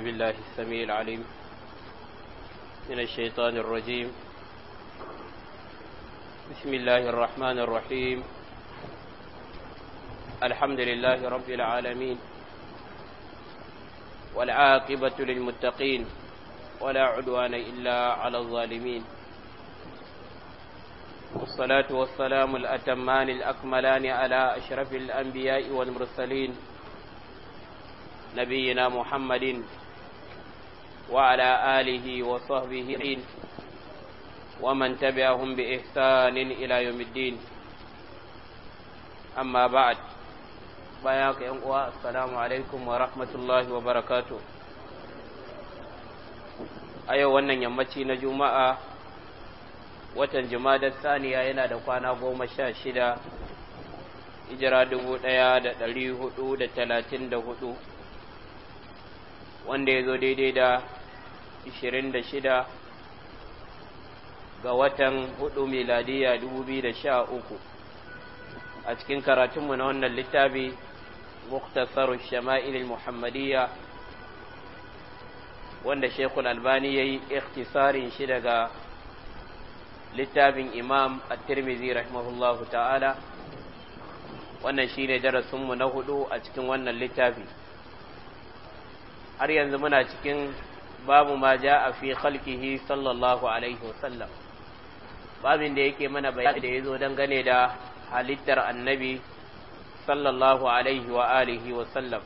بالله السميع العليم من الشيطان الرجيم بسم الله الرحمن الرحيم الحمد لله رب العالمين والعاقبة للمتقين ولا عدوان إلا على الظالمين والصلاة والسلام الأتمان الأكملان على أشرف الأنبياء والمرسلين نبينا محمد Wa'ada alihi wa sahu bihidin, waman ta biya hunbiya tsanin ilayomidin. Amma ba'ad baya ka yan uwa as-salamu wa rahmatullahi wa barakatu. A yau wannan yammaci na Juma'a. Watan jima'ar Saniya yana da kwana goma sha shida. Ijira dubu ɗaya da dari hudu da talatin da hudu. Wanda ya zo daidai da. 26 ga watan 4 miladiya 2013 a cikin karatunmu na wannan littafi muktasar shama'il muhammadiyya wanda shekul albani ya yi ikhtisarin shi daga littafin imam at-tirmidhi rahimahullahu ta'ala wannan shine darasinmu na hudu a cikin wannan littafi har yanzu muna cikin babu ma ja a fi khalqihi sallallahu alaihi wasallam babin da yake mana bayani da yazo dangane da halittar annabi sallallahu alaihi wa alihi wasallam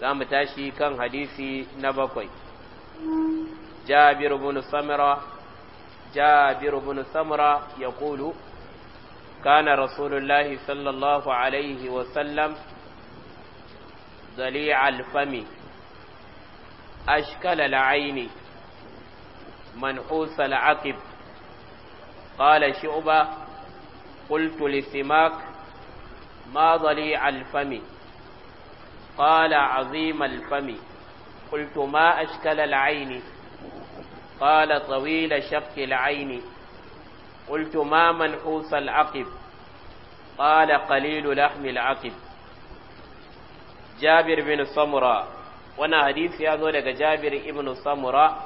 za mu tashi kan hadisi na bakwai jabir bin samira jabir bin samira yaqulu kana rasulullahi sallallahu alaihi wasallam zali'al fami أشكل العين منحوس العقب قال شعبة قلت لسماك ما ضليع الفم قال عظيم الفم قلت ما أشكل العين قال طويل شق العين قلت ما منحوس العقب قال قليل لحم العقب جابر بن سمره wannan hadisi ya zo daga jabir ibn samura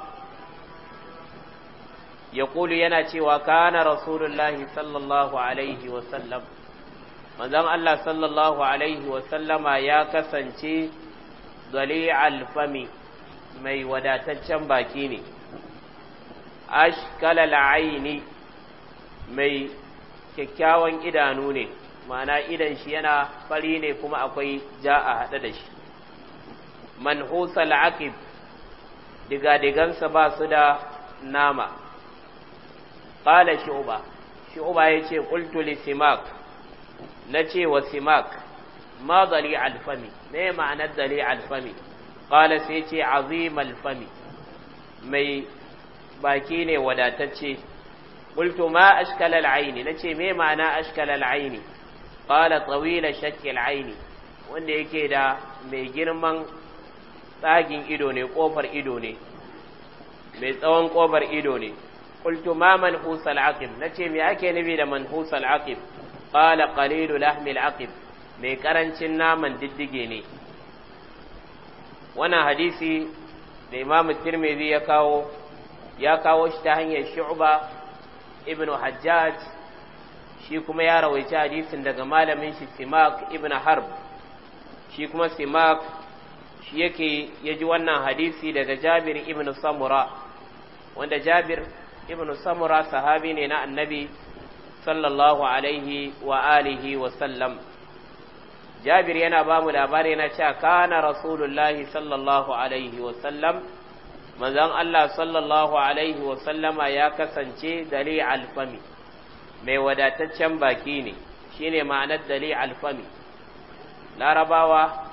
ya kulu yana cewa kana rasulullahi sallallahu alaihi wasallam manzan Allah sallallahu alaihi wasallama ya kasance dali alfami mai wadataccen baki ne ashkalal aini mai kyakkyawan idanu ne ma'ana idan shi yana fari ne kuma akwai ja a haɗe da shi manhusal aqib digadigansa ba su da nama qala shu'ba shu'ba yace qultu li simak nace wa simak ma dali fami me ma'ana dali fami qala sai yace azim fami mai baki ne wadatacce qultu ma ashkala alaini nace me ma'ana ashkala alaini qala tawila shakki alaini wanda yake da mai girman tsagin ido ne kofar ido ne mai tsawon kofar ido ne qultu ma man husal aqib nace me ake nufi da man husal aqib qala qalilu lahmil aqib mai ƙarancin naman diddige ne wannan hadisi da Imam Tirmidhi ya kawo ya kawo shi ta hanyar Shu'ba ibnu Hajjaj shi kuma ya rawaici hadisin daga malamin shi Simak ibnu Harb shi kuma Simak shi yake ya ji wannan hadisi daga jabir ibn samura wanda jabir ibn samura sahabi ne na annabi sallallahu alaihi wa alihi wa sallam jabir yana ba mu labari na cewa kana rasulullahi sallallahu alaihi wa sallam manzon Allah sallallahu alaihi wa sallama ya kasance dali alfami mai wadataccen baki ne shine ma'anar dali alfami larabawa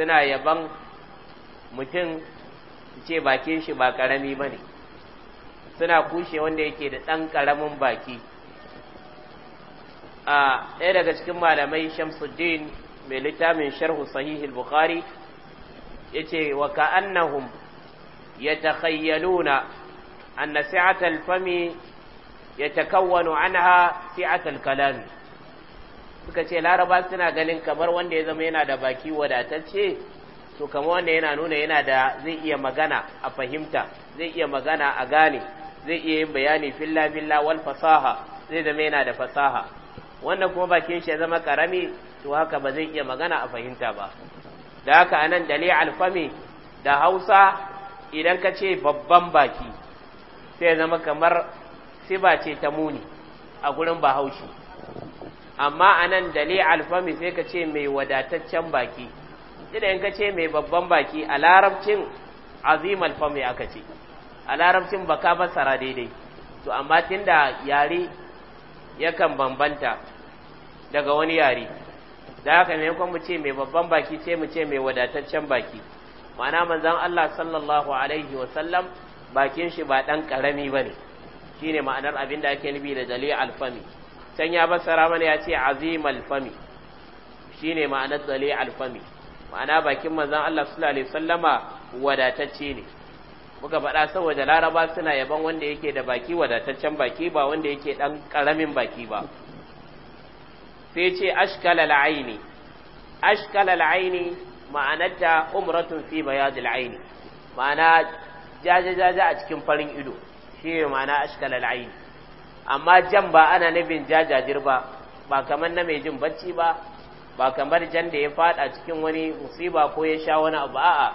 suna yaban mutum ce bakin shi ba ƙarami ba ne suna kushe wanda yake da ɗan ƙaramin baki a ɗaya daga cikin malamai shamsuddin mai littafin sharhu sahihul bukhari ya ce wa ka'annahum ya takhayyaluna anna fami ya takawwanu anha si'atal kalami suka ce laraba suna ganin kamar wanda ya zama yana da baki wadatacce to kamar wanda yana nuna yana da zai iya magana a fahimta zai iya magana a gane zai iya yin bayani filla filla wal fasaha zai zama yana da fasaha wannan kuma bakin shi ya zama karami to haka ba zai iya magana a fahimta ba da haka anan dali alfami da hausa idan ka ce babban baki sai zama kamar siba ce ta muni a gurin bahaushe amma anan dali alfami sai ka ce mai wadataccen baki in ka ce mai babban baki a larabcin azim alfami aka ce a larabcin baka basara daidai to amma tinda yare yakan bambanta daga wani yare da haka ne kuma ce mai babban baki sai mu ce mai wadataccen baki ma'ana manzon Allah sallallahu alaihi wa sallam bakin shi ba dan karami bane shine ma'anar abin da ake nufi da dalil alfami can ya fassara mana ya ce azim alfami shine ma'anar tsale alfami ma'ana bakin manzon Allah sallallahu alaihi wasallama wadatacce ne muka faɗa saboda laraba suna yaban wanda yake da baki wadataccen baki ba wanda yake ɗan ƙaramin baki ba sai ce ashkala la'aini ashkala la'aini ma'anarta umratun fi bayadil aini ma'ana jaje-jaje a cikin farin ido shine ma'ana ashkala la'aini amma jan ba ana nabin jajajir ba ba kamar na mai jin bacci ba ba kamar jan da ya fada cikin wani musiba ko ya sha wani abu a'a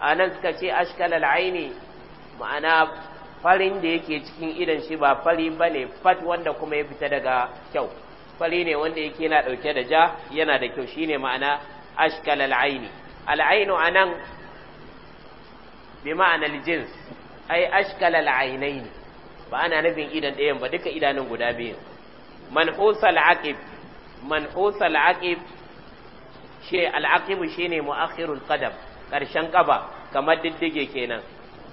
anan suka ce ashkalal aini ma'ana farin da yake cikin idan shi ba fari bane fat wanda kuma ya fita daga kyau fari ne wanda yake yana dauke da ja yana da kyau shine ma'ana ashkalal aini al anan bi al jins ay ashkalal ainaini ba ana nufin idan ɗayan ba duka idanun guda biyu man al-aqib man al-aqib shi al-aqib shine mu'akhirul qadam karshen kaba kamar diddige kenan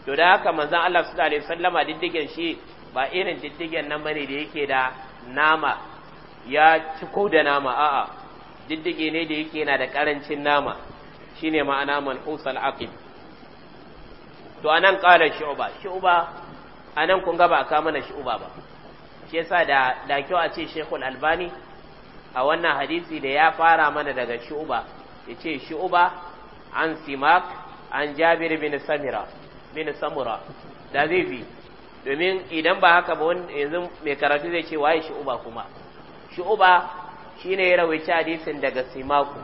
to da haka manzon Allah sallallahu alaihi wasallama diddigen shi ba irin diddigen nan bane da yake da nama ya ciko da nama a'a diddige ne da yake yana da karancin nama shine ma'ana man al-aqib to anan qala shu'ba shu'ba a nan kun gaba a kama shi shi'uba ba shi yasa da da kyau a ce shekul albani a wannan hadisi da ya fara mana daga shi'uba ya ce shi'uba an simak an jabir bin samira bin samura da zai fi domin idan ba haka ba yanzu mai karatu zai ce waye shi'uba kuma shi'uba shine ya rawaice hadisin daga simaku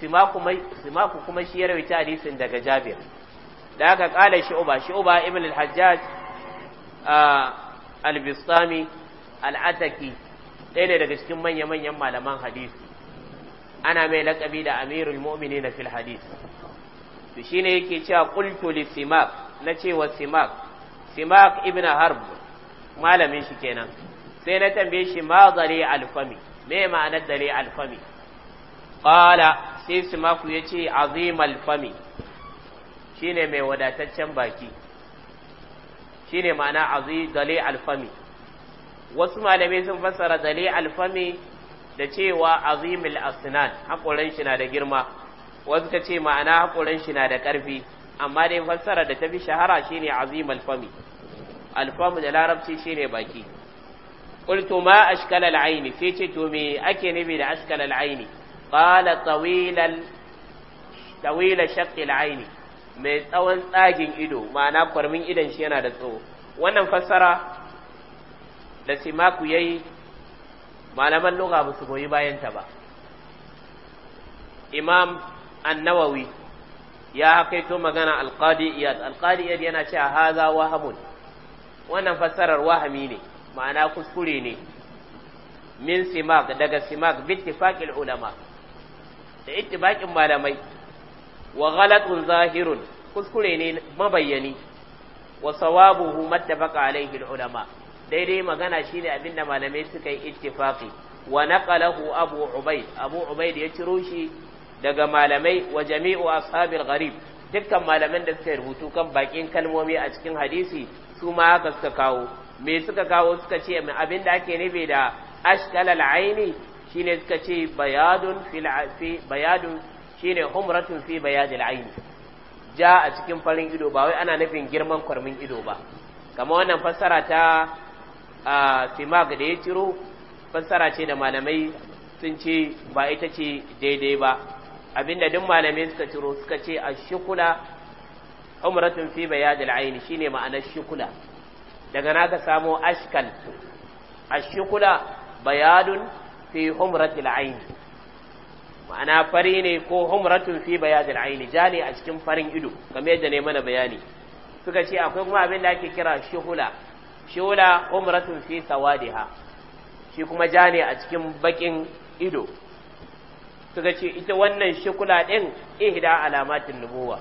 simaku kuma shi ya rawaice hadisin daga jabir da aka kala shi'uba shi'uba ibn al-hajjaj al-bistami al-ataki ɗaya ne daga cikin manya-manyan malaman hadisi ana mai laƙabi da amirul mu'mini na fil hadis to shine yake cewa qultu li simak na cewa simak simak ibn harb malamin shi kenan sai na tambaye shi ma zari alfami me ma'anar dare alfami qala sai simak yace azim alfami shine mai wadataccen baki shine ma'ana azi dali alfami wasu malamai sun fassara dali alfami da cewa azimil asnan hakoran shi na da girma wasu ta ce ma'ana hakoran shi na da karfi amma dai fassara da tafi shahara shine azim alfami alfamu da larabci shine baki qultu ma ashkala alaini sai ce to me ake nufi da ashkala alaini qala tawilal tawila shaqqi mai tsawon tsagin ido ma'ana kwarmin idon shi yana da tsawo wannan fassara da simaku ya yi malaman lugha ba su goyi bayanta ba imam annawawi ya haƙaito magana alqadi iyad yana cewa haza wahamun wannan fassarar wahami ne ma'ana kuskure ne min simak daga simak bittifaqil ulama da ittifaqin malamai wa ghalatun zahirun kuskure ne mabayyani wa sawabuhu mattafaqa alayhi ulama daidai magana shine abinda malamai suka yi ittifaqi wa naqalahu abu ubayd abu ubayd ya ciro shi daga malamai wa jami'u ashabil gharib dukkan malaman da suka rubutu kan bakin kalmomi a cikin hadisi su ma haka suka kawo me suka kawo suka ce abinda ake nufi da ashkalal aini shine suka ce bayadun fil bayadun shine humratun fi bayadil aini ja a cikin farin ido ba wai ana nufin girman kwarmin ido ba kamar wannan fassara ta simag da ya ciro fassara ce da malamai sun ce ba ita ce daidai ba abinda duk malamai suka ciro suka ce a shukula umratun fi bayadil aini shine ma'anar shukula daga naka samo ashkal ashkula bayadun fi umratil aini ma'ana fari ne ko humratun fi bayadil aini ja ne a cikin farin ido kamar yadda ne mana bayani suka ce akwai kuma abin da ake kira shihula shihula humratun fi sawadiha shi kuma ja ne a cikin bakin ido suka ce ita wannan shikula ɗin ihda alamatin nubuwa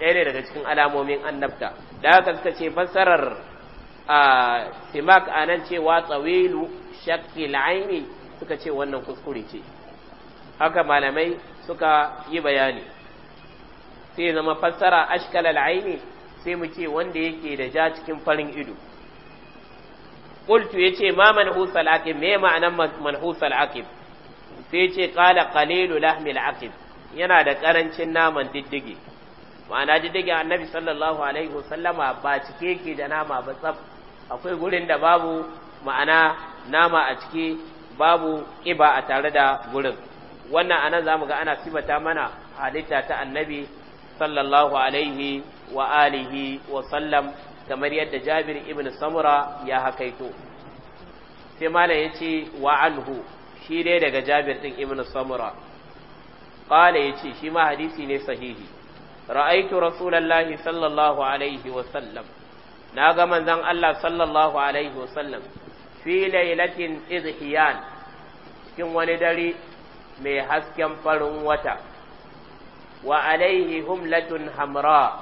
ɗaya ne daga cikin alamomin annabta da haka suka ce fassarar a simak a nan cewa tsawilu shakil aini suka ce wannan kuskure ce haka malamai suka yi bayani sai zama fassara ashkalal aini sai mu ce wanda yake da ja cikin farin ido qultu yace ma manhusal aqib me ma'anan manhusal aqib sai yace qala qalilu lahmil aqib yana da karancin naman diddige ma'ana diddige annabi sallallahu alaihi wasallama ba cike yake da nama ba tsaf akwai gurin da babu ma'ana nama a cike babu kiba a tare da gurin wannan anan zamu ga ana sifata mana halitta ta annabi sallallahu alaihi wa alihi wa sallam kamar yadda Jabir ibn Samura ya hakaito sai malam yace wa anhu shi dai daga Jabir din ibn Samura qala yace shi ma hadisi ne sahihi ra'aytu rasulullahi sallallahu alaihi wa sallam naga manzon Allah sallallahu alaihi wa sallam fi lailatin idhiyan cikin wani dare mai hasken farin wata wa alaihi humlatun hamra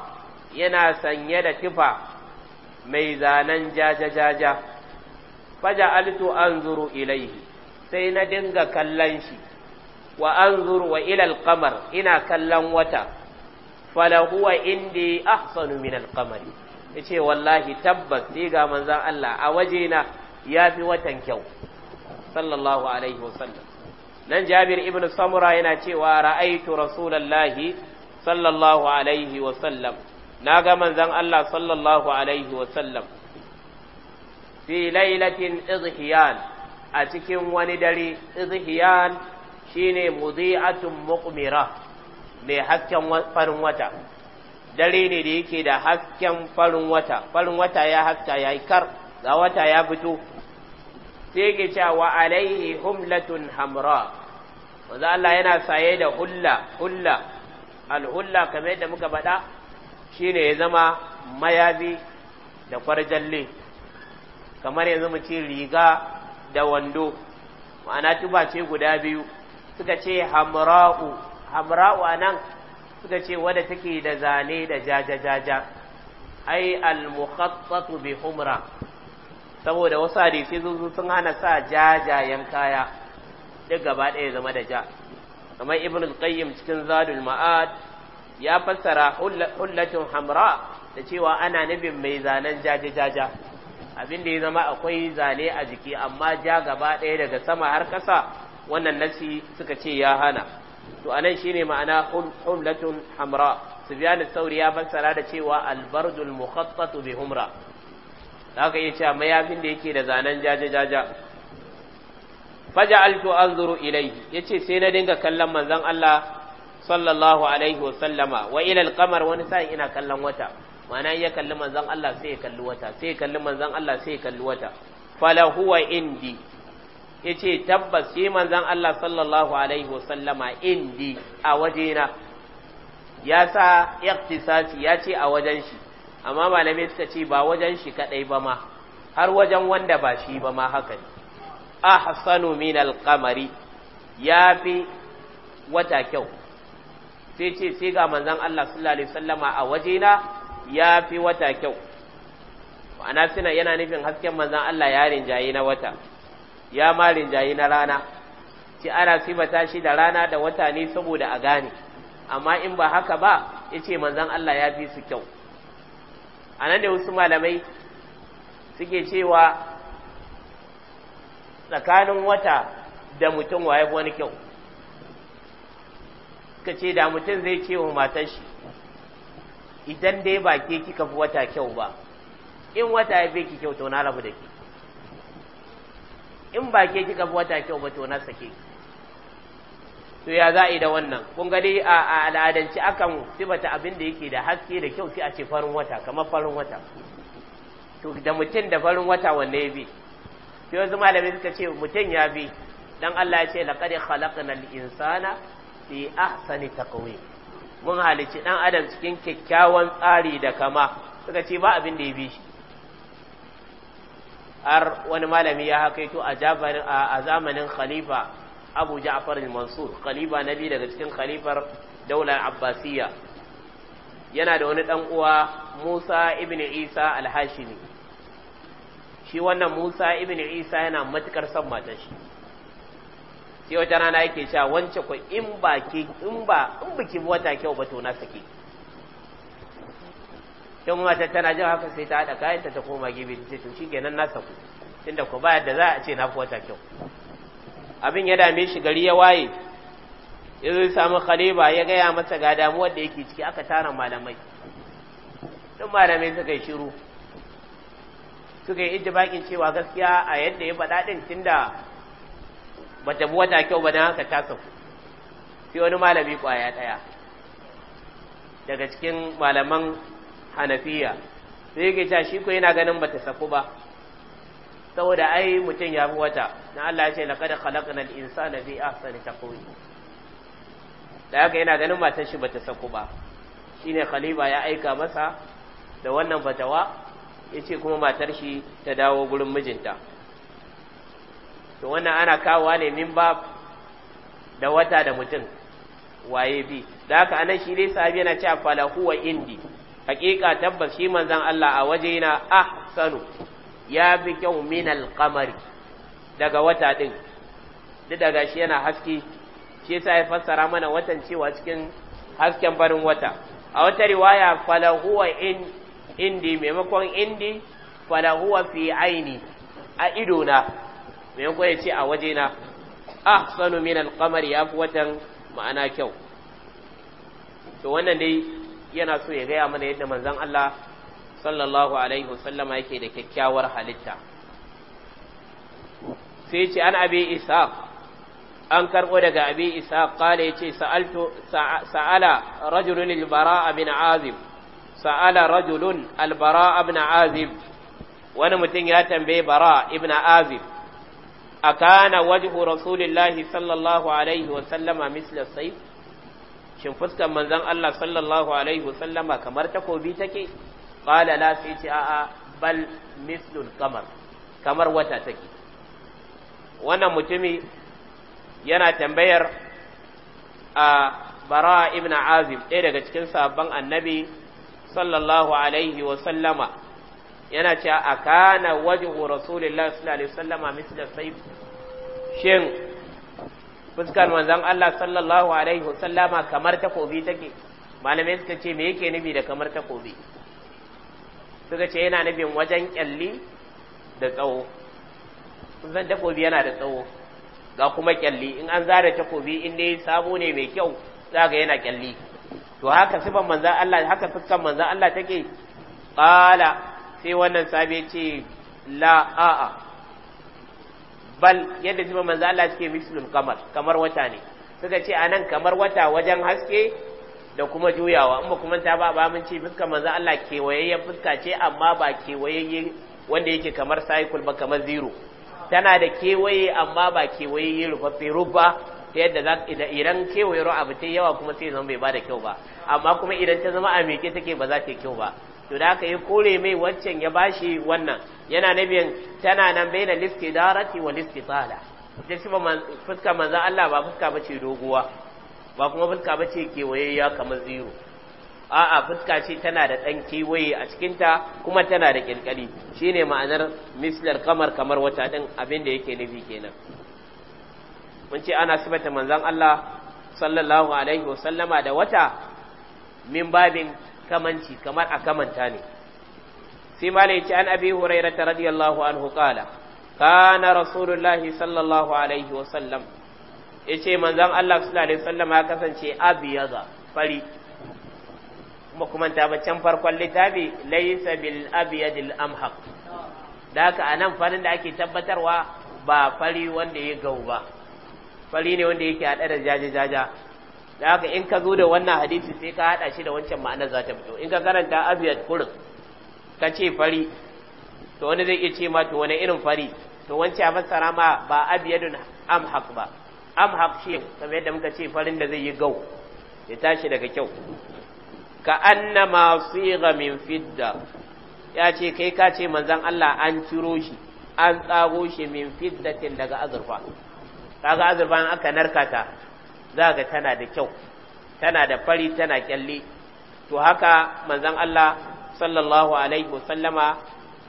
yana sanye da tufa mai zanen jajajaja faja altu an zuru ilaihi sai na dinga kallon shi wa an zuru wa ilal kamar ina kallon wata falahuwa indi ahsanu min alkamari ya ce wallahi tabbas ne ga manzan Allah a wajena ya fi watan kyau sallallahu alaihi wasallam nan jabir ibn samura yana cewa ra'aitu rasulallahi sallallahu alaihi wa sallam Na naga manzon Allah sallallahu alaihi wa sallam fi lailatin izhiyan a cikin wani dare izhiyan shine mudi'atun muqmira mai hasken farin wata dare ne da yake da hasken farin wata farin wata ya haska yayi kar ga wata ya fito sai yake cewa alaihi humlatun hamra wanda Allah yana saye da hulla hulla alhulla kamar yadda muka faɗa shine ya zama mayabi da kwarjalle kamar yanzu mu ce riga da wando ma'ana tuba guda biyu suka ce hamra'u hamra'u anan suka ce wadda take da zane da jaja jaja ai al-mukhattatu bi humra saboda wasu hadisi sun hana sa jajayen kaya duk gaba ɗaya zama da ja kamar ibn al-qayyim cikin zadul ma'ad ya fassara hullatun hamra da cewa ana nufin mai zanen jaje jaja abin da ya zama akwai zane a jiki amma ja gaba ɗaya daga sama har ƙasa wannan nasi suka ce ya hana to anan shine ma'ana hullatun hamra sufyan sauri ya fassara da cewa albardul mukhattat bi humra za ka iya cewa mayafin da yake da zanen jaja-jaja faja alto an zuru ilai ya ce sai na dinga kallon manzan Allah sallallahu alaihi wasallama wa ilal kamar wani sa'in ina kallon wata mana ya kalli manzan Allah sai ya kalli wata sai ya kalli manzan Allah sai ya kalli wata falahuwa indi ya ce tabbas sai manzan Allah sallallahu alaihi wasallama indi a wajena ya sa iktisasi ya ce a wajen shi amma malamai suka ce ba wajen shi kadai ba ma har wajen wanda ba shi ba ma haka ne ahsanu min alqamari yafi wata kyau sai ce sai ga manzon Allah sallallahu alaihi wasallama a wajena yafi wata kyau ma'ana suna yana nufin hasken manzon Allah ya rinjaye na wata ya ma rinjaye na rana sai ana sibata shi da rana da wata ne saboda a gane amma in ba haka ba yace manzon Allah ya fi su kyau a nan da wasu malamai suke cewa tsakanin wata da mutum waye wani kyau suka ce da mutum zai ce wa matar shi idan dai ba ke kika fi wata kyau ba in wata ya fi ki kyau to na rabu da ke in ba ke kika fi wata kyau ba to na sake ki to ya za da wannan kun ga a al'adance akan sibata abin da yake da haske da kyau sai a ce farin wata kamar farin wata to da mutum da farin wata wanne ya bi sai wasu malamai suka ce mutum ya bi dan Allah ya ce laqad khalaqnal insana fi ahsani taqwim mun halici dan adam cikin kyakkyawan tsari da kama suka ce ba abin da ya bi shi har wani malami ya hakaito a a zamanin khalifa abu ja'far al-mansur khalifa na biyu daga cikin khalifar daular abbasiyya yana da wani dan uwa musa ibn isa al-hashimi shi wannan musa ibn isa yana matukar son matar shi sai wata rana yake cewa wance ku in ba ki in ba in biki wata kyau ba to na sake kin matar tana jin haka sai ta hada kayanta ta koma gibi ta ce to kenan na saku tunda ku ba yadda za a ce na fi wata kyau abin ya dame shi gari ya waye ya zai samu khalifa ya gaya masa ga damuwar da yake ciki aka tara malamai duk malamai suka yi shiru suka yi bakin cewa gaskiya a yadda ya faɗa ɗin ba bata bi wata kyau ba don haka ta sai wani malami kwaya ɗaya daga cikin malaman hanafiya sai yake ta shi ko yana ganin bata saku ba saboda ai mutum ya bi wata na Allah ya ce laqad khalaqnal insana fi ahsani taqwim da haka yana ganin matar shi bata saku ba shine khalifa ya aika masa da wannan fatawa yace kuma matar shi ta dawo gurin mijinta to wannan ana kawowa ne min ba da wata da mutum waye bi da haka anan shi dai sahabi yana cewa falahu wa indi hakika tabbas shi manzon Allah a waje na ahsanu ya fi kyau minal kamari daga wata ɗin, duk daga shi yana haske shi yasa ya fassara mana watan cewa cikin hasken barin wata a wata riwaya falahuwa in indi maimakon indi falahuwa fi aini a idona maimakon ya ce a wajena sanu minal kamari ya fi watan ma'ana kyau to wannan dai yana so ya gaya mana yadda manzon Allah sallallahu alaihi wasallama yake da kyakkyawar halitta sai ce an abi isa an karbo daga abi isa kala ya ce sa'ala rajulun albara abin azim sa'ala rajulun albara abin azim wani mutum ya tambaye bara ibn azim a kana wajhu rasulillahi sallallahu alaihi wasallama misla sai shin fuskar manzan Allah sallallahu alaihi wasallama kamar takobi take qala la sai ce a'a bal mislul kamar, kamar wata take wannan mutumi yana tambayar a bara ibn azim ɗaya daga cikin sabon annabi sallallahu alaihi wa sallama yana ce a kana wajhu rasulullahi sallallahu alaihi wa sallama misla sayf shin fuskar manzon Allah sallallahu alaihi wa sallama kamar takobi take malamai suka ce me yake nufi da kamar takobi suka ce yana nufin wajen kyalli da tsawo kun san takobi yana da tsawo ga kuma kyalli in an zara takobi in dai sabo ne mai kyau ga yana kyalli to haka sifan manzan Allah haka fuskan manzan Allah take kala sai wannan sabi ce la a'a bal yadda sifan manzan Allah suke mislim kamar kamar wata ne suka ce anan kamar wata wajen haske da kuma juyawa in ba kuma ta ba ba mun ce fuskar manzo Allah kewayayyen fuska ce amma ba kewayayye wanda yake kamar cycle ba kamar zero tana da kewaye amma ba kewayayye rufaffe rufa ta yadda za idan kewaye ro abu ta yawa kuma sai zama bai bada kyau ba amma kuma idan ta zama a meke take ba za ta kyau ba to da ka yi kore mai waccan ya bashi wannan yana nabiyan tana nan bai na liski darati wa listi tsala ita shi ba fuska manzo Allah ba fuska ba ce doguwa ba kuma fuska ba ce ya kamar zero a'a fuska ce tana da ɗan kewaye a cikinta kuma tana da ƙirƙari shine ma'anar mislar kamar kamar wata ɗin abin da yake nufi kenan mun ce ana sifata manzon Allah sallallahu alaihi wasallama da wata min babin kamanci kamar a kamanta ne sai ma ce an abi hurairata radiyallahu anhu kana rasulullahi sallallahu alaihi wasallam yace manzon Allah sallallahu alaihi wasallam ya kasance abiyaza fari kuma kuma ta can farkon littafi laysa bil abyadil amhaq da haka anan farin da ake tabbatarwa ba fari wanda ya gau ba fari ne wanda yake hada da jaja jaja da haka in ka zo da wannan hadisi sai ka hada shi da wancan ma'anar za ta fito in ka karanta abyad kurin ka ce fari to wani zai iya ce ma to wani irin fari to wancan fassara ma ba abyadun amhaq ba abhaq shi kamar yadda muka ce farin da zai yi gau ya tashi daga kyau ka anna ma sigha min fidda ya ce kai ka ce manzon Allah an ciro shi an tsago shi min fiddatin daga azurfa kaga azurfa an aka narkata zaka tana da kyau tana da fari tana kyalle to haka manzon Allah sallallahu alaihi wasallama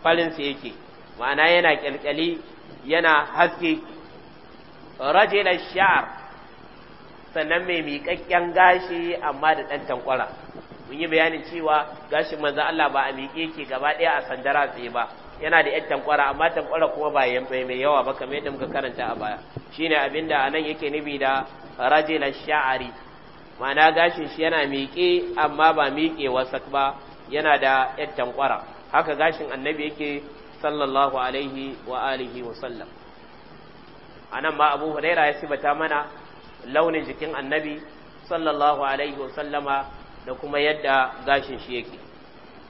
farin sa yake ma'ana yana kyalkyali yana haske rajila shar sannan mai miƙaƙƙen gashi amma da ɗan tankwara mun yi bayanin cewa gashin manzan Allah ba a miƙe ke gaba ɗaya a sandara tsaye ba yana da 'yan tankwara amma tankwara kuma ba mai yawa ba kamar yadda muka karanta a baya shine abin da anan yake nubi da rajila sha'ari ma'ana gashin shi yana miƙe amma ba miƙe wasak ba yana da 'yan tankwara haka gashin annabi yake sallallahu alaihi wa alihi wa sallam A nan ma abu huraira ya sibata mana launin jikin annabi sallallahu alaihi wasallama da kuma yadda gashin shi yake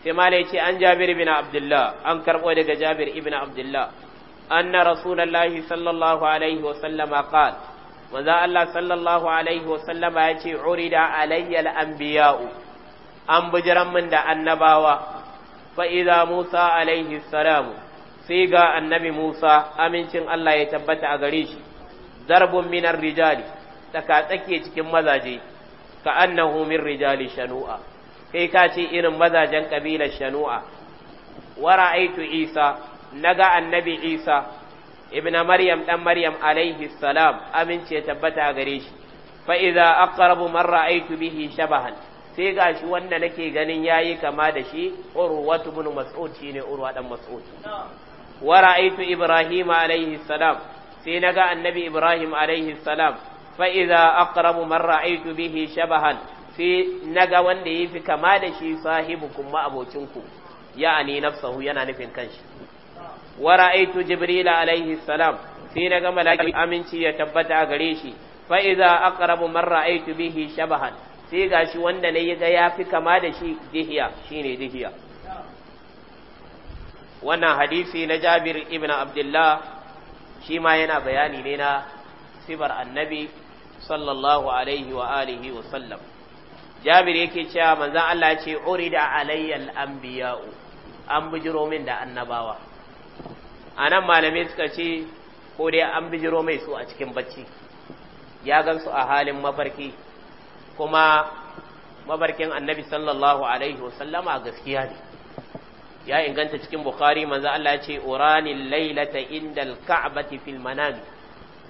sai malai ce an jabir bin abdullah an karbo daga jabir ibn abdullah anna rasulullahi sallallahu alaihi wasallama qal manzo Allah sallallahu alaihi wasallama yace urida alayya al-anbiya'u an bujiran min da annabawa fa idza musa alaihi salamu sai ga annabi Musa amincin Allah ya tabbata a gare shi darbun minar rijali taka tsake cikin mazaje ka annahu min rijali shanu'a kai ka ce irin mazajen kabilar shanu'a wa ra'aitu Isa naga annabi Isa ibn Maryam ɗan Maryam alaihi salam amince ya tabbata a gare shi Fa'iza idza aqrabu man ra'aitu bihi shabahan sai ga shi wanda nake ganin yayi kama da shi urwatu ibn mas'ud shine urwa dan mas'ud wa ra'aytu ibrahim alayhi salam sai naga annabi ibrahim alayhi salam fa idza aqrabu man ra'aytu bihi shabahan sai naga wanda yafi kama da shi sahibukum ma abocinku ya'ani nafsahu yana nufin kanshi wa ra'aytu jibril alayhi salam sai naga mala'ikan aminci ya tabbata a gare shi fa idza aqrabu man ra'aytu bihi shabahan sai gashi wanda ne yaga yafi kama da shi dihiya shine dihiya wannan hadisi na jabir ibn abdullah shi ma yana bayani ne na sifar annabi sallallahu alaihi wa alihi wa sallam jabir yake cewa manzon Allah ce urida alayyal anbiya'u an bijiro min da annabawa anan malamai suka ce ko dai an bijiro mai su a cikin bacci ya gansu a halin mafarki kuma mafarkin annabi sallallahu alaihi wa sallama gaskiya ne ya inganta cikin bukhari manzo Allah ya ce uranil lailata indal ka'bati fil manami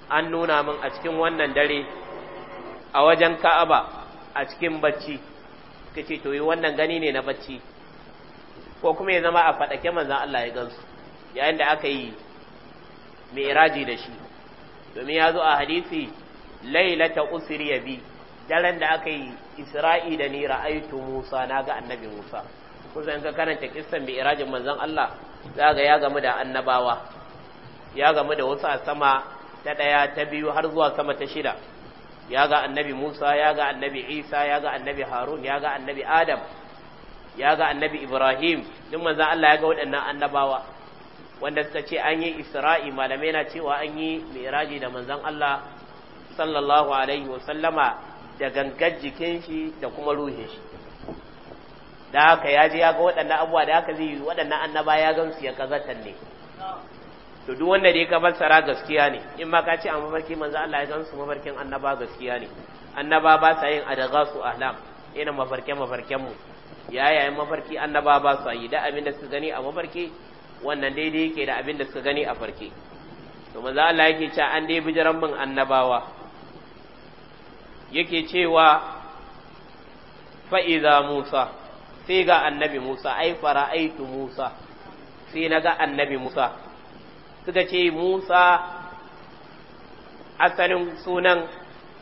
an nuna min a cikin wannan dare a wajen ka'aba a cikin bacci kace to yi wannan gani ne na bacci ko kuma ya zama a fadake manzo Allah ya gansu yayin da aka yi mi'raji da shi domin ya zo a hadisi lailata usriya bi daren da aka yi isra'i da ni ra'aytu musa naga annabi musa kusa in ka karanta kissan bi irajin manzon Allah za ga ya gamu da annabawa ya gamu da wasu a sama ta ɗaya ta biyu har zuwa sama ta shida ya ga annabi Musa ya ga annabi Isa ya ga annabi Harun ya ga annabi Adam ya ga annabi Ibrahim duk manzon Allah ya ga waɗannan annabawa wanda suka ce an yi Isra'i malamai na cewa an yi miraji da manzon Allah sallallahu alaihi wa sallama da gangar jikin shi da kuma ruhin shi da haka ya je ya ga waɗannan abuwa da haka zai yi waɗannan annaba ya gamsu ya kazatan ne to duk wanda da ya ka fassara gaskiya ne in ma ka ce a mafarki manzo Allah ya gamsu mafarkin annaba gaskiya ne annaba ba sa yin adaga su ahlam ina mafarke mafarken mu ya yayin mafarki annaba ba sa yi da abin da suka gani a mafarki wannan daidai yake da abin da suka gani a farke to manzo Allah yake cewa an dai bijiran min annabawa yake cewa fa Musa sai ga annabi Musa ai fara'aitu Musa sai na ga annabi Musa suka ce Musa asalin sunan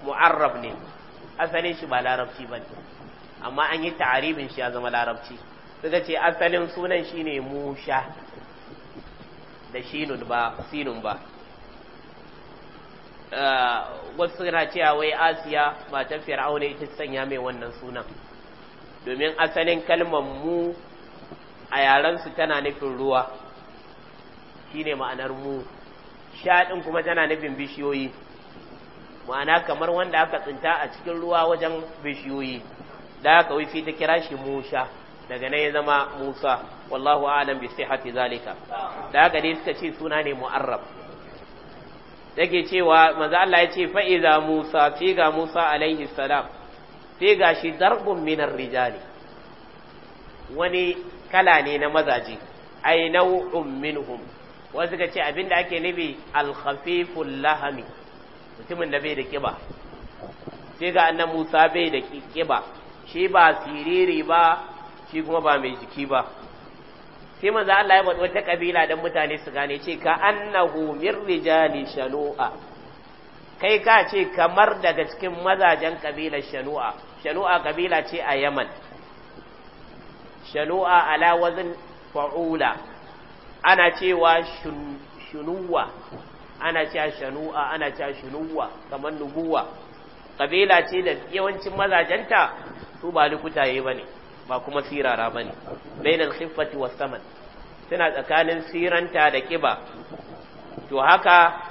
mu'arrab ne asalin shi ba larabci ba amma an yi ta'aribin shi ya zama larabci suka ce asalin sunan shi ne Musha da shinun ba sinun ba uh, wasu suna cewa wai Asiya ba ta Fir'auna ita sanya mai wannan sunan domin asalin kalmar mu a yarensu tana nufin ruwa shine ma'anar mu shaɗin kuma tana nufin bishiyoyi ma'ana kamar wanda aka tsinta a cikin ruwa wajen bishiyoyi da aka wifi ta kira shi Musa daga nan ya zama musa wallahu alam bi sihhati zalika da aka dai suka ce suna ne mu'arrab yake cewa manzo Allah ya ce fa iza musa fi ga musa alaihi salam sai ga shi darbun minar rijali wani kala ne na mazaje ai nau'un minhum wasu ka ce abinda ake nufi alkhafiful lahami mutumin da bai da kiba sai ga annan Musa bai da kiba shi ba siriri ba shi kuma ba mai jiki ba sai manzo Allah ya wata kabila dan mutane su gane ce ka annahu min rijali shanu'a kai ka ce kamar daga cikin mazajen kabilar shanu'a shanu'a kabila ce a yaman shanu'a ala wazin fa'ula ana cewa shunuwa ana cewa shanu'a ana cewa shunuwa kamar nubuwa kabila ce da yawancin mazajenta su ba likutaye ne ba kuma sirara ne. bainal khiffati was saman suna tsakanin siranta da kiba to haka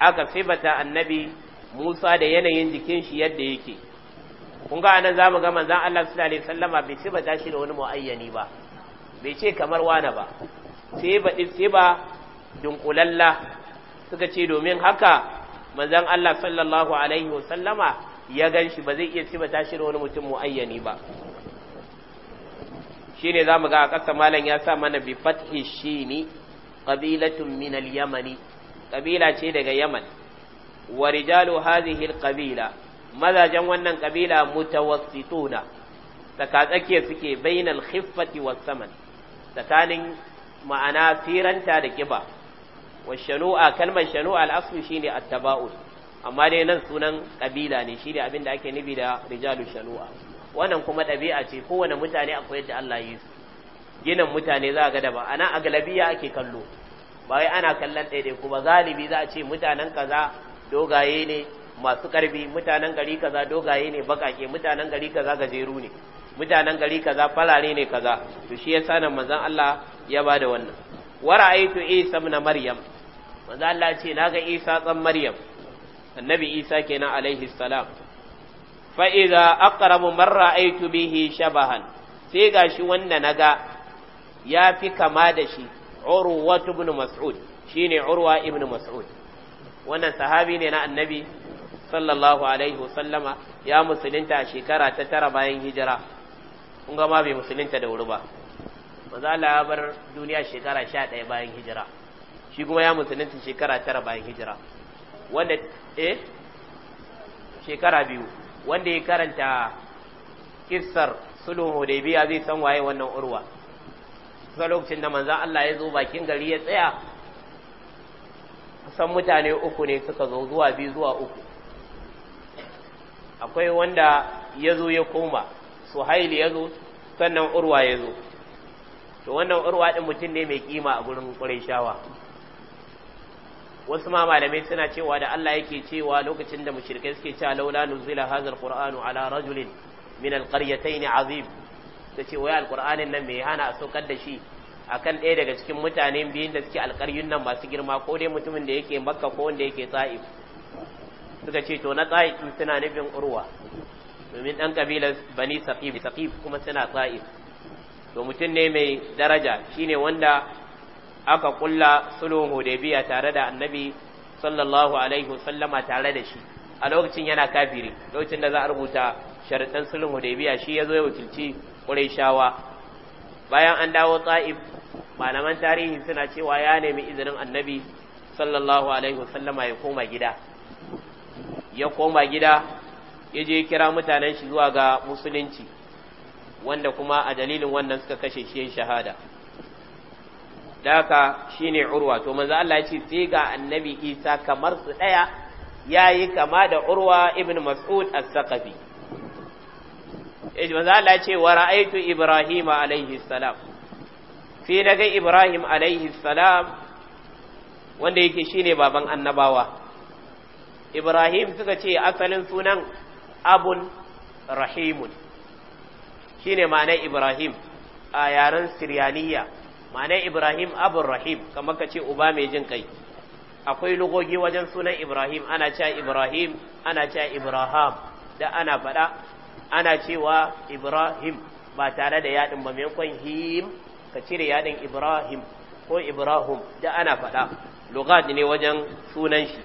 aka sifata annabi Musa da yanayin jikin shi yadda yake kun ga anan zamu ga manzon Allah sallallahu alaihi wasallama bai sifata shi da wani muayyani ba bai ce kamar wani ba sai ba sai ba dunkulalla suka ce domin haka manzon Allah sallallahu alaihi wasallama ya ganshi ba zai iya sifata shi da wani mutum muayyani ba shine zamu ga a kasa malam ya sa mana bi fathi shini qabilatun min al-yamani kabila ce daga Yaman wa rijalu hadhihi alqabila mazajen wannan kabila mutawassituna tsakatsakiya suke bainal khiffati wa saman tsakanin ma'ana firanta da kiba wa shanu'a kalmar shanu'a al-aslu shine at amma dai nan sunan kabila ne shine abin da ake nufi da rijalu shanu'a wannan kuma ɗabi'a ce kowane mutane akwai yadda Allah yi su ginin mutane za ga da ba ana galabiya ake kallo ba wai ana kallon ɗaiɗai kuma galibi za a ce mutanen kaza dogaye ne masu ƙarfi mutanen gari kaza dogaye ne bakake mutanen gari kaza gajeru ne mutanen gari kaza falare ne kaza to shi yasa nan manzon Allah ya bada wannan wa ra'aytu isa ibn maryam manzon Allah ce naga isa san maryam annabi isa kenan alaihi salam fa idza aqrabu man ra'aytu bihi shabahan sai gashi wanda naga yafi kama da shi Urwa ibn Mas'ud shine Urwa ibn Mas'ud wannan sahabi ne na Annabi sallallahu alaihi wasallama ya musulunta a shekara ta tara bayan hijira kun ga ma bai musulunta da wuri ba manzo Allah ya bar duniya shekara 11 bayan hijira shi kuma ya musulunta shekara tara bayan hijira wanda eh shekara biyu wanda ya karanta kissar sulhu hudaybiya zai san waye wannan urwa kusa lokacin da manzan Allah ya zo bakin gari ya tsaya kusan mutane uku ne suka zo zuwa biyu zuwa uku akwai wanda ya zo ya koma su haili ya zo sannan urwa ya zo to wannan urwa ɗin mutum ne mai kima a gurin shawa, wasu ma malamai suna cewa da Allah yake cewa lokacin da mushrikai suke cewa laula nuzila hadha qur'anu ala rajulin min alqaryatayn azim ta ce wai alkur'anin nan mai hana a saukar da shi akan ɗaya daga cikin mutane biyun da suke alƙaryun nan masu girma ko dai mutumin da yake makka ko wanda yake tsa'if suka ce to na tsa'if suna nufin urwa domin ɗan kabilar bani saqif kuma suna tsa'if to mutum ne mai daraja shine wanda aka kulla sulhun hudaybiya tare da annabi sallallahu alaihi wasallama tare da shi a lokacin yana kafiri lokacin da za a rubuta sharadan sulhun hudaybiya shi ya zo ya wakilci ƙurayshawa bayan an dawo tsa'if malaman tarihi suna cewa ya nemi izinin annabi sallallahu alaihi wasallama ya koma gida ya koma gida ya je kira mutanen shi zuwa ga musulunci wanda kuma a dalilin wannan suka kashe shi shahada daka shine urwa to manzo Allah ya ce sai ga annabi Isa kamar su daya yayi kama da urwa ibn mas'ud as sakafi. Eh, Allah ce wa ra'aitu Ibrahim alaihi salam sai daga Ibrahim alaihi salam wanda yake shine baban annabawa Ibrahim suka ce asalin sunan abun rahimun shine ma'anar Ibrahim a yaren Siryaniya ma'anar Ibrahim abun rahim kamar ka ce uba mai jin kai akwai lugogi wajen sunan Ibrahim ana cewa Ibrahim ana cewa Ibrahim da ana faɗa ana cewa ibrahim ba tare da yadin ba maimakon him ka cire yadin ibrahim ko ibrahim da ana faɗa lugad ne wajen sunan shi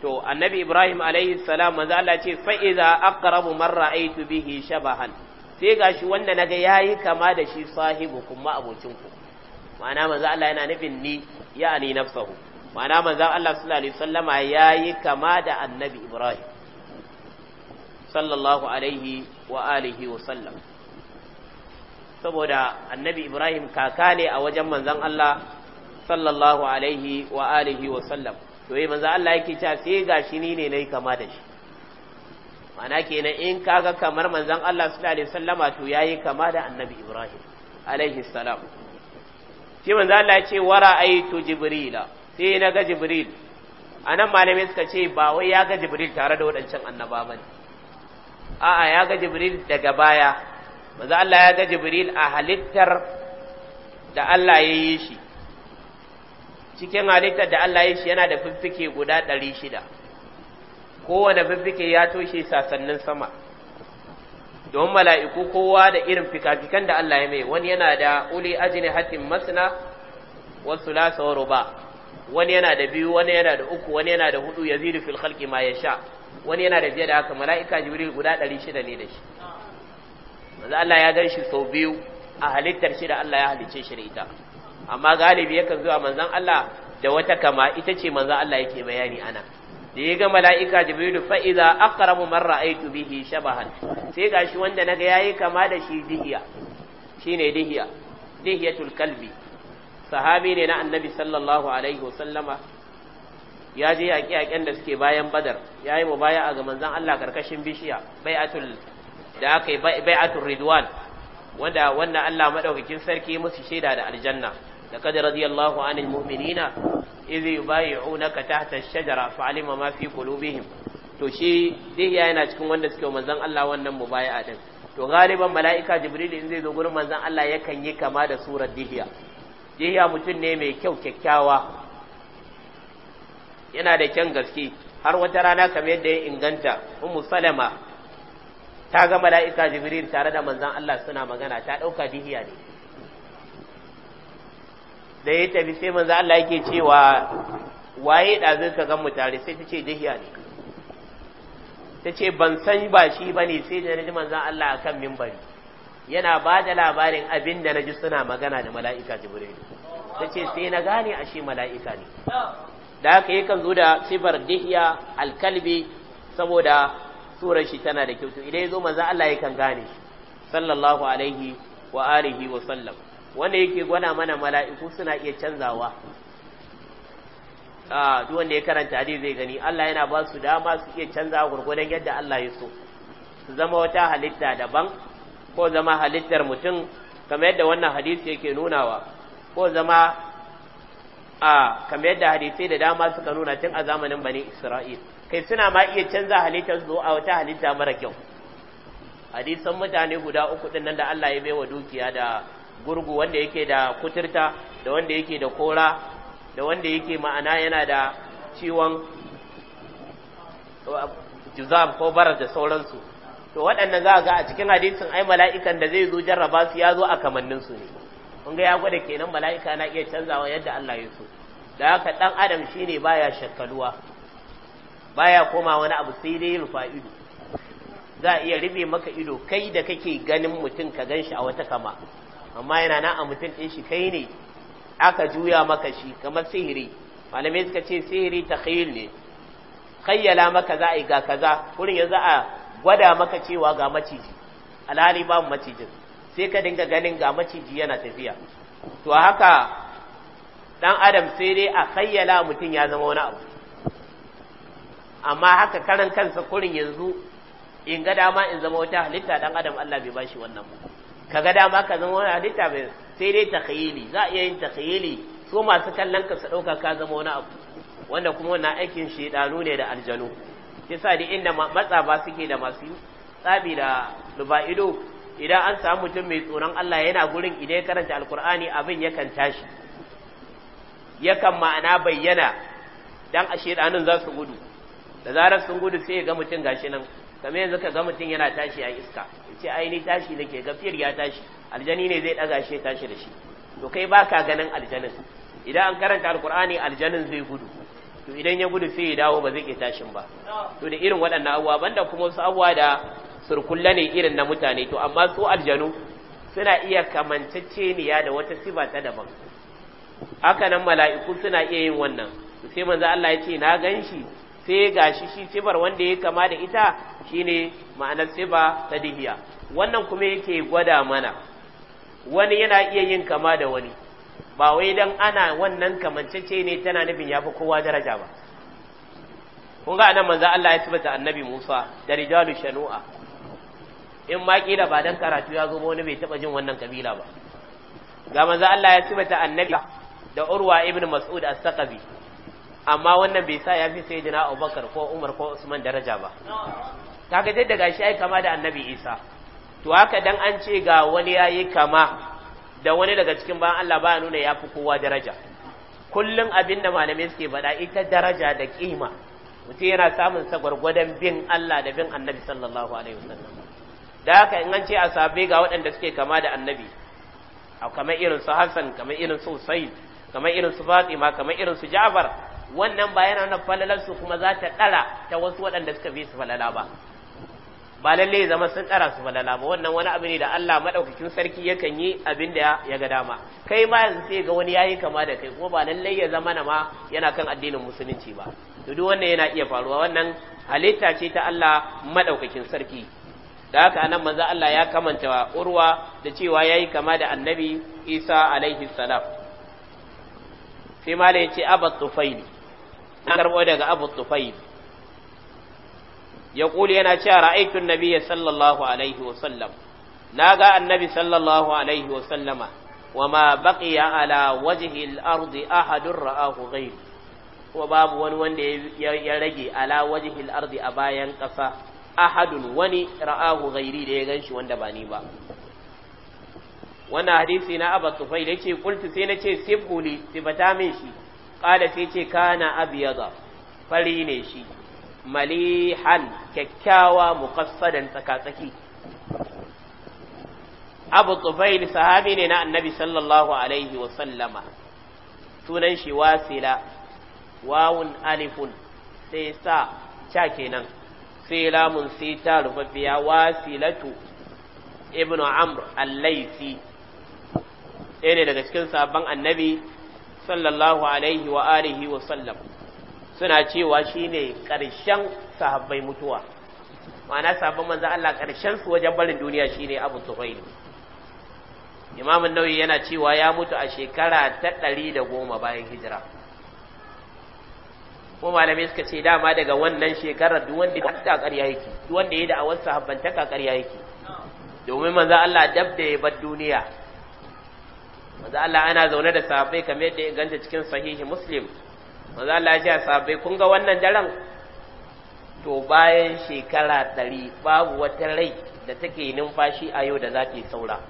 to annabi ibrahim alayhi salam manzo Allah ce fa iza aqrabu man ra'aytu bihi shabahan sai gashi wanda naga yayi kama da shi sahibu kuma abocin ku ma'ana manzo Allah yana nufin ni ya'ani nafsahu ma'ana manzo Allah sallallahu alaihi wasallama yayi kama da annabi ibrahim sallallahu alaihi wa alihi wa sallam saboda annabi ibrahim kaka ne a wajen manzan Allah sallallahu alaihi wa alihi wa sallam to yi eh, manzan Allah yake cewa sai gashi ni ne nayi kama da shi mana kenan in kaga kamar manzan Allah sallallahu alaihi sallam to yayi kama da annabi ibrahim alaihi salam shi manzan Allah ya ce wara aitu jibrila sai na ga jibril anan malamai suka ce ba wai ya ga jibril tare da wadancan annaba bane a'a ya ga jibril daga baya manzo Allah ya ga jibril a halittar da Allah ya yi shi cikin halittar da Allah ya yi shi yana da fiffike guda ɗari shida. kowane fiffike ya toshe sasannin sama don mala'iku kowa da irin fikafikan da Allah ya mai wani yana da uli ajini hatin masna wasu lasa wani yana da biyu wani yana da uku wani yana da hudu yazidu fil khalqi ma yasha wani yana da fiye da haka mala'ika jibril guda 600 ne da shi manzo Allah ya gan shi sau biyu a halittar shi da Allah ya halicce shi da ita amma galibi yakan zuwa manzan Allah da wata kama ita ce manzan Allah yake bayani ana da ya ga mala'ika jibrilu fa'iza akaramu man aitu bihi shabahan sai gashi wanda naga yayi kama da shi dihiya ne dihiya dihiyatul kalbi sahabi ne na annabi sallallahu alaihi wasallama ya je yaƙi yaƙen da suke bayan badar ya yi mubaya ga manzan Allah karkashin bishiya bai'atul da aka yi bai'atul ridwan wanda wannan Allah madaukakin sarki musu shaida da aljanna laqad radiyallahu anil mu'minina idh yubayyi'unaka tahta ash-shajara fa'alima ma fi qulubihim to shi dihiya yana cikin wanda suke manzan Allah wannan mubaya'a din to galiban mala'ika jibril in zai zo gurin manzan Allah yakan yi kama da surar dihiya dihiya mutum ne mai kyau kyakkyawa yana da kyan gaske har wata rana kamar yadda ya inganta ummu salama ta ga mala'ika jibril tare da manzon Allah suna magana ta dauka dihiya ne da ya tafi sai manzon Allah yake cewa waye ɗazin ka gan mu tare sai ta ce dihiya ne ta ce ban san ba shi ba ne sai da na ji manzon Allah a kan mimbari yana ba da labarin abin da na ji suna magana da mala'ika jibril ta ce sai na gane ashe mala'ika ne da haka yakan zo da sifar dihiya alkalbi saboda surar shi tana da kyau idan ya zo manzo Allah yakan gane shi sallallahu alaihi wa alihi wa sallam wanda yake gwana mana mala'iku suna iya canzawa a ah, duk wanda ya karanta hadisi zai gani Allah yana ba su dama su iya canzawa gurgurdan yadda Allah ya so su zama wata halitta daban ko zama halittar mutum kamar yadda wannan hadisi yake nunawa ko zama a kamar yadda hadisai da dama suka nuna tun a zamanin bani isra'il kai suna ma iya canza halittar su a wata halitta mara kyau hadisan mutane guda uku din nan da Allah ya baiwa dukiya da gurgu wanda yake da kuturta da wanda yake da kora da wanda yake ma'ana yana da ciwon juzab ko bara da sauransu to waɗannan za ga a cikin hadisin ai mala'ikan da zai zo jarraba su ya zo a kamanninsu ne kun ga ya gwada kenan mala'ika na iya canzawa yadda Allah ya so da haka dan adam shine baya shakkaluwa baya koma wani abu sai dai rufa ido za a iya rufe maka ido kai da kake ganin mutum ka ganshi a wata kama amma yana na a mutum ɗin shi kai ne aka juya maka shi kamar sihiri malamai suka ce sihiri ta ne khayyala maka za a yi ga kaza kurin yanzu a gwada maka cewa ga maciji alhali babu macijin sai ka dinga ganin ga maciji yana tafiya to haka dan adam sai dai a khayyala mutum ya zama wani abu amma haka karan kansa kurin yanzu in ga dama in zama wata halitta dan adam Allah bai bashi wannan ba ga dama ka zama wani halitta bai sai dai takhayyuli za a iya yin takhayyuli so masu kallon ka su dauka ka zama wani abu wanda kuma wannan aikin shedanu ne da aljanu yasa da inda matsa ba suke da masu tsabi da lubaido idan an samu mutum mai tsoron Allah yana gurin idan ya karanta alkur'ani abin yakan tashi yakan ma'ana bayyana dan ashe danin za su gudu da zarar sun gudu sai ya ga mutum gashi nan kamar yanzu ka ga mutum yana tashi a iska ce ai ni tashi nake gafiyar ya tashi aljani ne zai daga shi tashi da shi to kai baka ganin aljanin idan an karanta alkur'ani aljanin zai gudu to idan ya gudu sai ya dawo ba zai ke tashin ba to da irin waɗannan abubuwa banda kuma wasu abubuwa da surkulla ne irin na mutane to amma su aljanu suna iya kamanceceniya da wata sifa ta daban haka nan mala'iku suna iya yin wannan sai manzo Allah ya ce na ganshi sai gashi shi sifar wanda ya kama da ita shine ma'anar sifa ta dihiya wannan kuma yake gwada mana wani yana iya yin kama da wani ba wai dan ana wannan kamancece ne tana nufin yafi kowa daraja ba kun ga anan manzo Allah ya sifata annabi Musa da rijalu shanu'a in ma ba dan karatu ya zo wani bai taba jin wannan kabila ba ga manzo Allah ya sifata annabi da Urwa ibn Mas'ud as-Saqafi amma wannan bai sa ya fi sayyidina Abubakar ko Umar ko Usman daraja ba kaga dai daga shi ai kama da annabi Isa to haka dan an ce ga wani yayi kama da wani daga cikin bayan Allah ba nuna ya fi kowa daraja kullum abinda da suke faɗa ita daraja da kima mutum yana samun sa bin Allah da bin annabi sallallahu alaihi wasallam da haka in an ce a sabe ga waɗanda suke kama da annabi a kamar irin su Hassan kamar irin su Usaid kamar irin su Fatima kamar irin su Ja'far wannan ba yana na falalar su kuma za ta ɗara ta wasu waɗanda suka fi su falala ba ba lalle zama sun ɗara su falala ba wannan wani abu ne da Allah madaukakin sarki yakan yi abin da ya ga dama kai ma yanzu sai ga wani yayi kama da kai kuma ba lalle ya zama na ma yana kan addinin musulunci ba to duk wannan yana iya faruwa wannan halitta ce ta Allah madaukakin sarki da haka anan manzo Allah ya kamanta urwa da cewa yayi kama da annabi Isa alaihi salam sai malai yace abu tufaili an karbo daga abu tufaili ya kuli yana cewa ra'aytu an-nabiy sallallahu alaihi wa sallam naga annabi sallallahu alaihi wa sallama wa wama baqiya ala wajhi al-ardi ahadur ra'ahu ghayri wa babu wani wanda ya rage ala wajhi al-ardi a bayan ƙasa ahadun wani ra'ahu ghairi da ya ganshi wanda ba ni ba wannan hadisi na Abu da yace qultu sai nace sibhuli sibata min shi qala sai ce kana abyada fari ne shi malihan kyakkyawa muqassadan tsakatsaki Abu da sahabi ne na Annabi sallallahu alaihi wa sallama sunan shi wasila wawun alifun sai sa cha kenan sai lamun sai ta rufaffiya wasilatu ibnu amr al-laisi ɗaya ne daga cikin sabon annabi sallallahu alaihi wa alihi wa sallam suna cewa shine ƙarshen sahabbai mutuwa ma'ana sabon manzo Allah ƙarshen su wajen barin duniya shine Abu Tufail Imam an-Nawawi yana cewa ya mutu a shekara ta 110 bayan hijira ko malamai suka ce dama daga wannan shekarar duk wanda ta ƙarya yake duk wanda ya da awan sahabbantaka ƙarya yake domin manzo Allah dab da ya bar duniya manzo Allah ana zaune da sahabbai kamar yadda inganta cikin sahihi muslim manzo Allah ya ce sahabbai kun ga wannan daren to bayan shekara ɗari babu wata rai da take numfashi a yau da za ta yi saura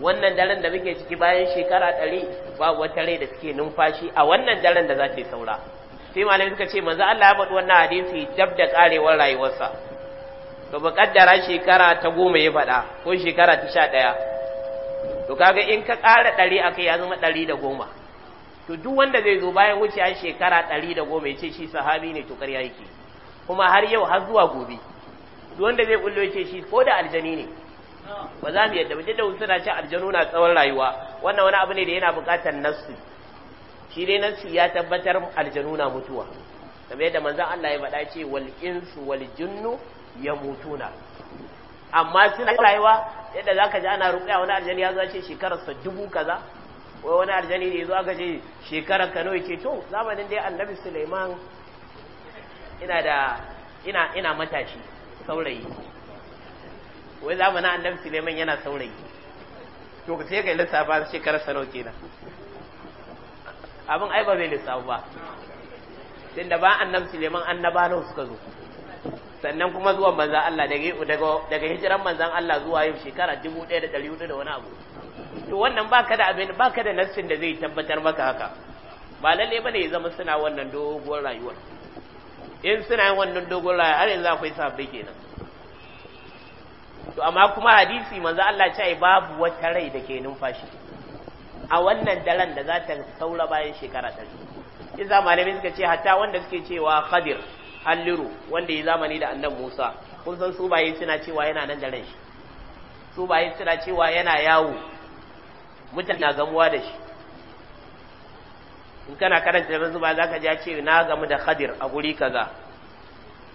wannan daren da muke ciki bayan shekara ɗari babu wata rai da take numfashi a wannan daren da za ta yi saura sai malamai suka ce manzo Allah ya faɗi wannan hadisi dab da karewar rayuwarsa to ba kaddara shekara ta goma ya faɗa ko shekara ta sha ɗaya to kaga in ka ƙara ɗari akai ya zama ɗari da goma to duk wanda zai zo bayan wuce an shekara ɗari da goma ya ce shi sahabi ne to ƙarya yake kuma har yau har zuwa gobe duk wanda zai kullo ya ce shi ko da aljani ne ba za mu yadda ba Duk da suna cin aljanu na tsawon rayuwa wannan wani abu ne da yana buƙatar nasu. shi dai su ya tabbatar aljanu na mutuwa kamar yadda manzan Allah ya faɗa ce wal insu ya mutu na, amma suna rayuwa yadda za ka ji ana rukuya wani aljani ya zace shekararsa shekarar sa dubu kaza wai wani aljani ne zuwa gaje shekarar ka nawa ce to zamanin dai annabi Sulaiman ina da ina ina matashi saurayi wai zamanin annabi Sulaiman yana saurayi to sai kai lissafa shekarar sa nawa kenan abin ai ba zai lissafu ba tun da ba annabi suleiman annaba nawa suka zo sannan kuma zuwan manzan Allah daga hijiran manzan Allah zuwa yau shekara 1400 da wani abu to wannan baka da abin baka da nassin da zai tabbatar maka haka ba lalle bane ya zama suna wannan doguwar rayuwar in suna yin wannan doguwar rayuwar har yanzu akwai sabbi kenan to amma kuma hadisi manzo Allah ya ce babu wata rai da ke numfashi a wannan daren da za ta saura bayan shekara ɗari isa malamin suka ce hatta wanda suke cewa khadir halliru wanda ya zamani da annan musa kun san su baye suna cewa yana nan daren shi su baye suna cewa yana yawo mutum na gamuwa da shi in kana karanta da zuba za ka ja ce na gamu da khadir a guri kaza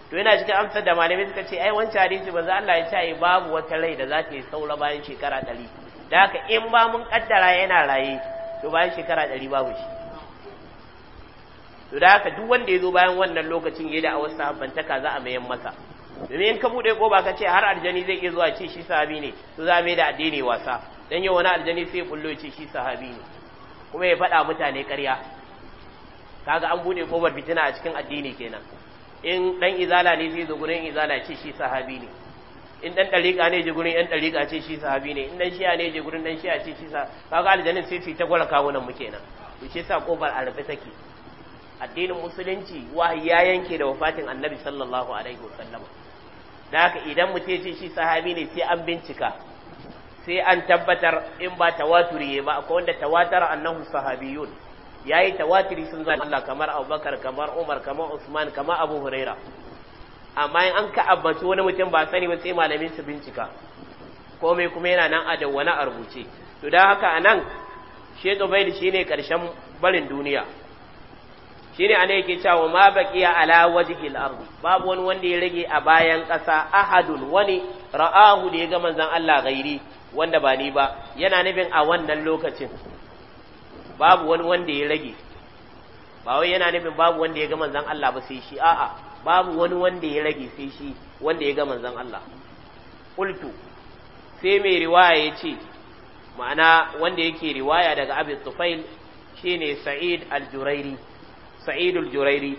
to yana cikin amsar da malamai suka ce ai wancan hadisi za Allah ya ce babu wata rai da za ta yi saura bayan shekara ɗari da haka in ba mun kaddara yana raye to bayan shekara ɗari babu shi to da haka duk wanda ya zo bayan wannan lokacin ya da a wasu sahabbantaka za a mayan masa domin in ka buɗe ko ba ka ce har aljani zai iya zuwa ce shi sahabi ne to za a mai da addini wasa dan yau wani aljani sai kullo ce shi sahabi ne kuma ya faɗa mutane ƙarya kaga an buɗe kofar fitina a cikin addini kenan in dan izala ne zai zo gurin izala ce shi sahabi ne in dan dariƙa ne je gurin yan dariƙa ce shi sahabi ne in dan shiya ne je gurin dan shiya ce shi sa kaga aljannin sai su ta gora kawo nan muke nan to shi sa kofar arabe take addinin musulunci wahayi ya yanke da wafatin annabi sallallahu alaihi wasallam da haka idan mutum ce shi sahabi ne sai an bincika sai an tabbatar in ba tawaturi ba akwai wanda tawatar annahu sahabiyun yayi tawatiri sun zama Allah kamar Abubakar kamar Umar kamar Usman kamar Abu Hurairah amma in an ka abbaci wani mutum ba sani ba sai malamin su bincika komai kuma yana nan a wani a rubuce to da haka a nan anan da shi ne karshen barin duniya shine ana yake cewa ma baqiya ala wajhil ardi babu wani wanda ya rage a bayan ƙasa ahadun wani ra'ahu da ya ga manzan Allah gairi wanda ba ni ba yana nufin a wannan lokacin babu wani wanda ya rage ba wai yana nufin babu wanda ya ga manzan Allah ba sai shi a'a babu wani wanda ya rage sai shi wanda ya ga manzon Allah qultu sai mai riwaya yace ma'ana wanda yake riwaya daga abi Sufail shine sa'id al-jurairi sa'id al-jurairi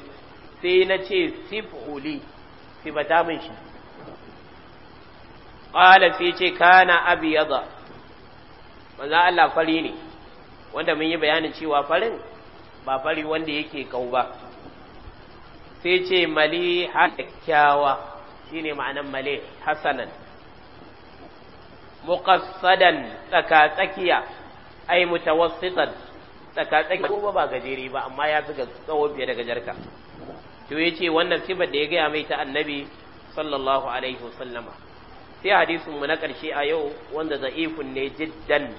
sai na ce sifuli sibata min shi qala sai ce kana abyada manzon Allah fari ne wanda mun yi bayanin cewa farin ba fari wanda yake kau ba sai ce mali kyakkyawa shine ma'anan mali hasanan muqassadan tsaka tsakiya ai mutawassitan tsaka tsakiya ko ba gajeri ba amma ya fi tsawo fiye da gajarka to yace wannan sifar da ya gaya mai ta annabi sallallahu alaihi wasallama sai hadisin mu na ƙarshe a yau wanda za'ifun ne jiddan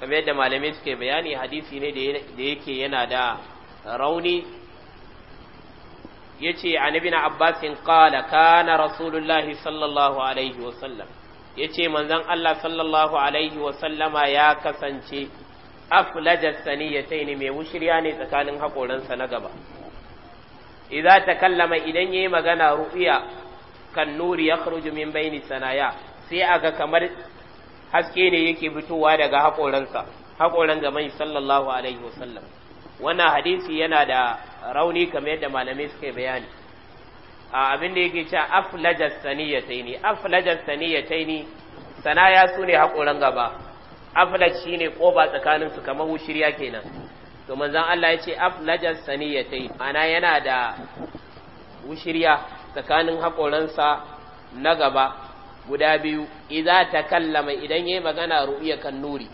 kamar yadda malamai suke bayani hadisi ne da yake yana da rauni yace an na abbas qala kana rasulullahi sallallahu alaihi wa sallam yace manzon Allah sallallahu alaihi wa sallama ya kasance aflajat saniyatayn mai wushirya ne tsakanin hakoransa na gaba idza takallama idan yayi magana ru'ya kan nuri yakhruju min baini sanaya sai aga kamar haske ne yake fitowa daga hakoransa hakoran gaban sallallahu alaihi wa sallam wannan hadisi yana da rauni kamar yadda malamai suke bayani a abin da yake cewa aflajas saniyataini aflajas saniyataini sanaya sune hakoran gaba aflaj shine koba tsakanin su kamar wushiriya kenan to manzon Allah yace aflajas saniyataini ana yana da wushiriya tsakanin hakoransa na gaba guda biyu idza takallama idan ya yi magana ru'ya kan nuri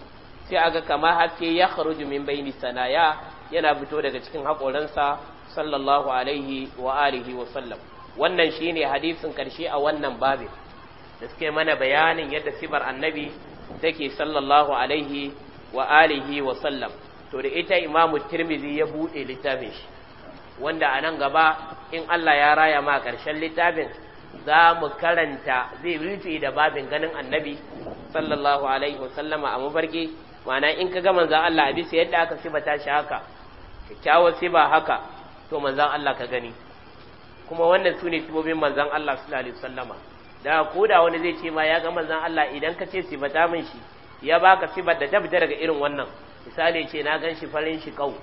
sai aga kamar haske ya kharuju min baini sanaya yana fito daga cikin haƙoransa sallallahu alaihi wa alihi wa sallam wannan shine hadisin ƙarshe a wannan babin da suke mana bayanin yadda sibar annabi take sallallahu alaihi wa alihi wa sallam to da ita imamu tirmizi ya bude littafin shi wanda a nan gaba in Allah ya raya ma karshen littafin za mu karanta zai rufe da babin ganin annabi sallallahu alaihi wa sallama a mafarki ma'ana in ka ga za Allah a bisa yadda aka sibata shi haka kyakkyawar sai ba haka to manzan Allah ka gani kuma wannan su ne sibobin manzan Allah sallallahu alaihi wasallama da ko da wani zai ce ma ya ga manzan Allah idan ka ce sibata min shi ya baka sibar da ta fita daga irin wannan misali ce na gan shi farin shi kau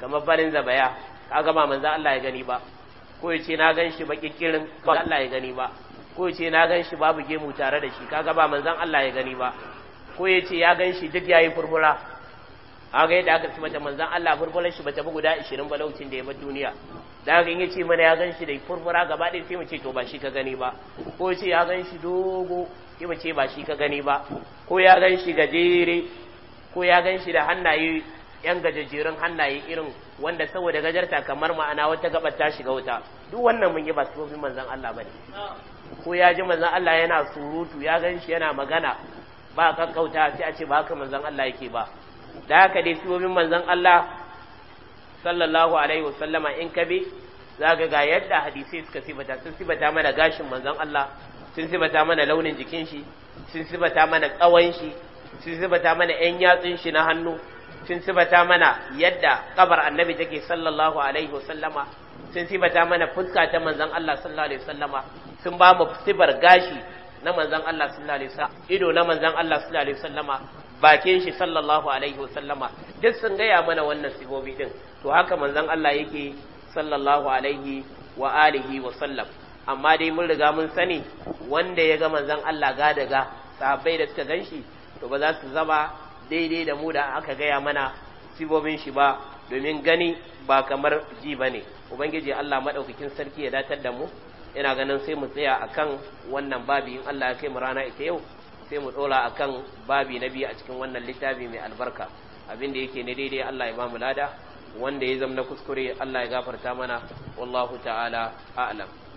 kamar farin zabaya kaga ba manzan Allah ya gani ba ko ya ce na gan shi baƙi kirin ba Allah ya gani ba ko ya ce na gan shi babu gemu tare da shi kaga ba manzan Allah ya gani ba ko ya ce ya gan shi duk yayi furfura aga yadda aka ci mata manzan Allah furfuran shi bata bi guda 20 balaucin da ya bar duniya da haka in yace mana ya gan shi da furfura gaba ɗaya sai mu ce to ba shi ka gani ba ko ce ya gan shi dogo sai mu ce ba shi ka gani ba ko ya gan shi gajere ko ya gan shi da hannaye yan gajejjerun hannaye irin wanda saboda gajarta kamar ma'ana wata gabar ta shiga wuta duk wannan mun yi ba su manzan Allah bane ko ya ji manzan Allah yana surutu ya gan shi yana magana ba kakkauta sai a ce ba haka manzan Allah yake ba da haka dai siyomin manzon Allah sallallahu alaihi wasallama in kabe za ga ga yadda hadisai suka sifata sun sifata mana gashin manzon Allah sun sifata mana launin jikin shi sun sifata mana tsawon shi sun sifata mana yan yatsun shi na hannu sun sifata mana yadda kabar annabi take sallallahu alaihi wasallama sun sifata mana fuska ta manzon Allah sallallahu alaihi wasallama sun ba mu sifar gashi na manzon Allah sallallahu alaihi wasallama ido na manzon Allah sallallahu alaihi wasallama bakin shi sallallahu alaihi wasallama duk sun gaya mana wannan sibobi din to haka manzon Allah yake sallallahu alaihi wa alihi wa sallam amma dai mun riga mun sani wanda ya ga manzon Allah ga daga sahabbai da suka ganshi to ba za su zama daidai da mu da aka gaya mana sibobin shi ba domin gani ba kamar ji ba bane ubangiji Allah madaukakin sarki ya datar da mu ina ganin sai mu tsaya akan wannan babi in Allah ya kai mu rana ita yau sai mu a kan babi na biyu a cikin wannan littafi mai albarka abin da yake ne daidai Allah ya bamu lada wanda ya zama na kuskure Allah ya gafarta mana wallahu ta'ala a'lam